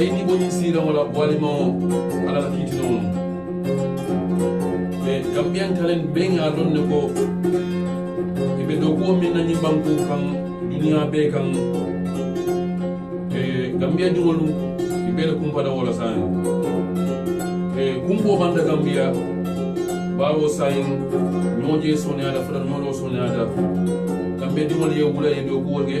fayidi boñin sira wala walima ala kiti kiitinono mais gambiyan talen ɓeŋa lon ne ko eɓe do kuwo min nañi banku kan duniya be kan e gambiya diŋol i kumpa da wala sain. e kumpo banta gambiya bawo sayin ñooje soneyada fota ñooɗo soneyada gambe diŋol ye wula e do ko ge.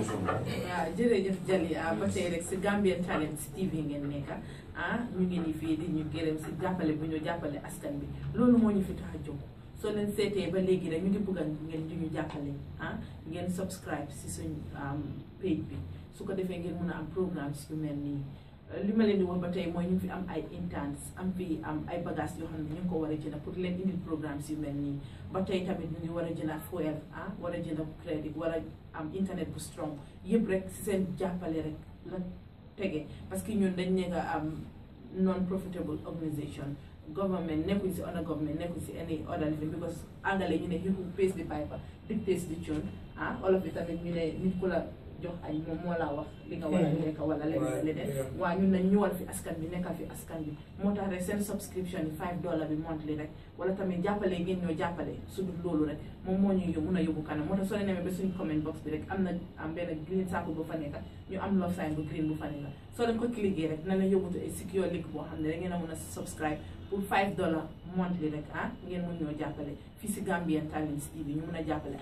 Eh, ah, jërëjëf Jali ah, ba tey rek si Gambian Talents TV ngeen nekk ah ñu ngi nii fii di ñu gërëm si jàppale bu ñu jàppale askan bi loolu moo ñu fi tax a jóg soo leen seetee ba léegi rek ñu ngi bëgg ngeen di ñu jàppale ah ngeen subscribe si suñ page bi su ko defee ngeen mën a am programmes yu mel nii. li ma leen ba tey mooy ñu fi am ay interns am fi am ay bagages yo xam ne ñu ko war jena jënd pour leen indil programmes yu mel nii ba tey tamit ñu ngi war a ah war jena jënd crédit war am internet bu strong yëpp rek si seen jàppale rek la tege parce que ñun dañ nekk am non profitable organisation government nekkuñ si on government nekkuñ si any other living because angale ñu ne he who pays the piper dictates the tune ah olof bi tamit ñu ne nit ko la jox ay moom moo laa wax li nga war a mm-hmm. lekk wala leneen leneen waa ñun nañ ñëwal fi askan bi nekkal fi askan bi moo tax rek seen subscription yi five dollar bi monthly rek wala tamit jàppale ngeen ñoo jàppale su dul loolu moom moo ñuy a yóbbu kanam moo na am benn green sàkku bu fa nekk ñu am love sign bu green bu fa nekk la yóbbu ay secure link boo xam ne rek ngeen ah, ñoo jàppale fii si Gambian Talents TV ñu mun a jàppale